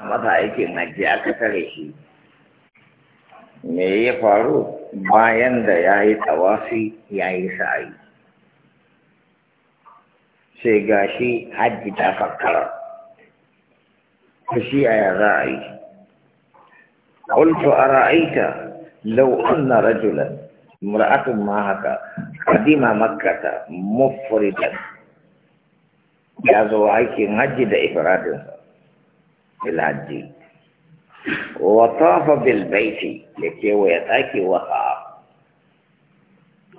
a masa aikin hajji aka tare shi me ya faru bayan da ya yi tawafi ya yi sa'ayi sai ga shi hajji ta fakkara shi a yi za a a ra'aita lau na rajulan mura'atun ma haka kadima makata mufridan ya zo aikin hajji da ifiradinsa بلادي وطاف بالبيت لكي ويتاكي وقع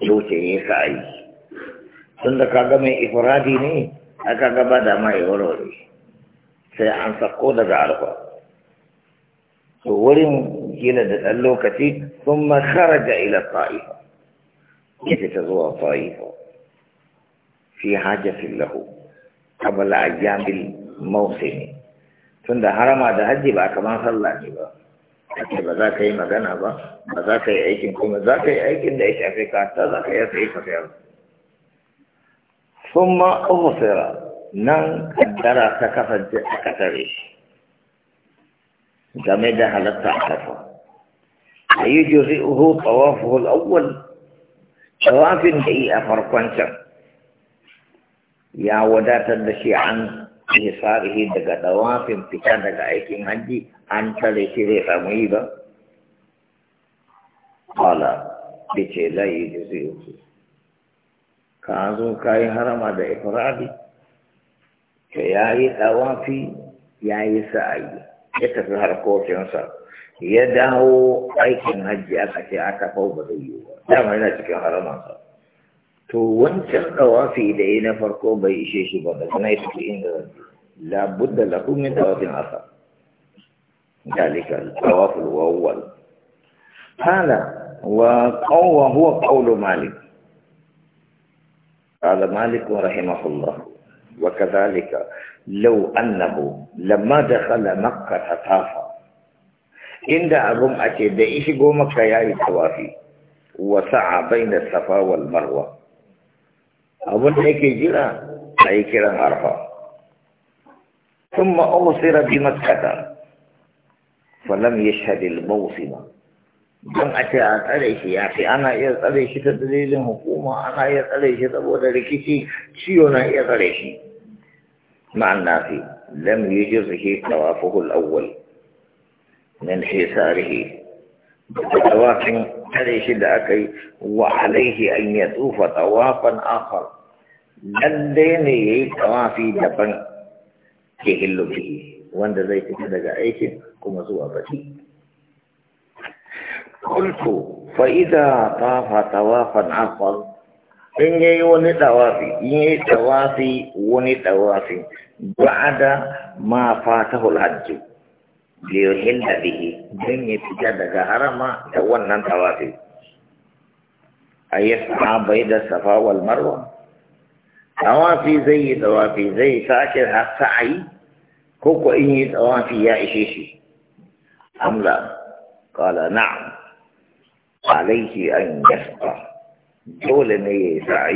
لوتي يسعي سندك عدم إفرادي ني أكا قبادة ما يورولي سيعن سقودة جعلها سورم جيلة اللوكة ثم خرج إلى الطائفة كيف تزوى الطائفة في حاجة له قبل أيام الموسمين tunda harama da haji ba kamar sallah ne ba kace ba za ka yi magana ba ba za ka yi aikin kuma za ka yi aikin da ya shafi ka ta za ka yi sai ka sayar kuma ma nan kaddara ta kasance a kasare shi game da halatta a kafa a yi uhu tawafu al-awwal tawafin da yi a farkon can ya wadatar da shi an ihsarihi daga dawafin fita daga aikin hajji an tare shi zai samu yi ba qala bice zai yi ka zo ka harama da ifradi ka yayi dawafi yayi sa'ayi ya tafi harkokinsa ya dawo aikin hajji aka ce aka fau ba zai yi ba dama yana cikin haramansa توانتق قوافي دينا فرقو بي إشيش بادك نايتك لابد لكم من قواف الأخر ذلك القواف الأول قال وقوة هو قول مالك قال مالك رحمه الله وكذلك لو أنه لما دخل مكة طافا عند أبوم أتي دائش قومك يا توافي وسعى بين الصفا والمروه abun da yake jira a yi kiran arfa ثم أغصر بمكة فلم يشهد الموسم don a ce a tsare shi ya fi ana iya tsare shi ta dalilin hukuma ana iya tsare shi saboda rikici ciwo na iya tsare shi ma'an nafi lam yujir shi tawafuhul awwal min hisarihi tawafin tare shi da aka yi wa alaihi an ya tsufa tawafan akhar lalle ne ya yi tawafi daban ke hillu wanda zai fita daga aikin kuma zuwa baki kulku fa idza tafa tawafan akhar in yi wani tawafi in yi tawafi wani tawafi ba'ada ma fatahu al beliau hendak don ya fita daga harama da wannan tawafi Ayat yi bai da safa wal marwa tawafi zai tawafi zai sake hak ko ko in yi tawafi ya ishe shi amla kala na'am alaihi an yasqa Jole ne ya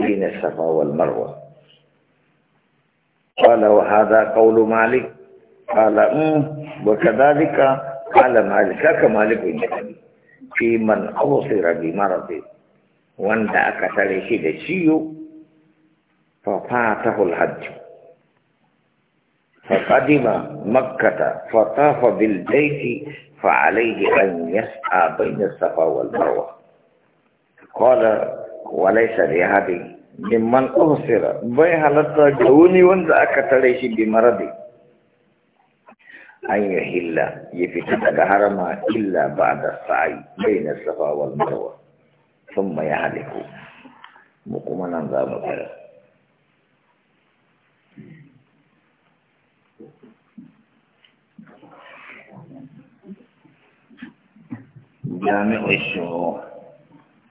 Dina safa wal marwa. والمروه قال وهذا قول مالك قال ام وكذلك قال مالك كمالك النبي في من أبصر بمرض وان أكثر شيء شيء ففاته الحج فقدم مكة فطاف بالبيت فعليه أن يسعى بين الصفا والمروة قال وليس لهذه ممن أبصر بها لتا جوني وان أكثر شيء بمرضه أن يحل يفتح الهرم إلا بعد السعي بين الصفا والمروة ثم يهلك مقوما نظام مكرر جامع الشروح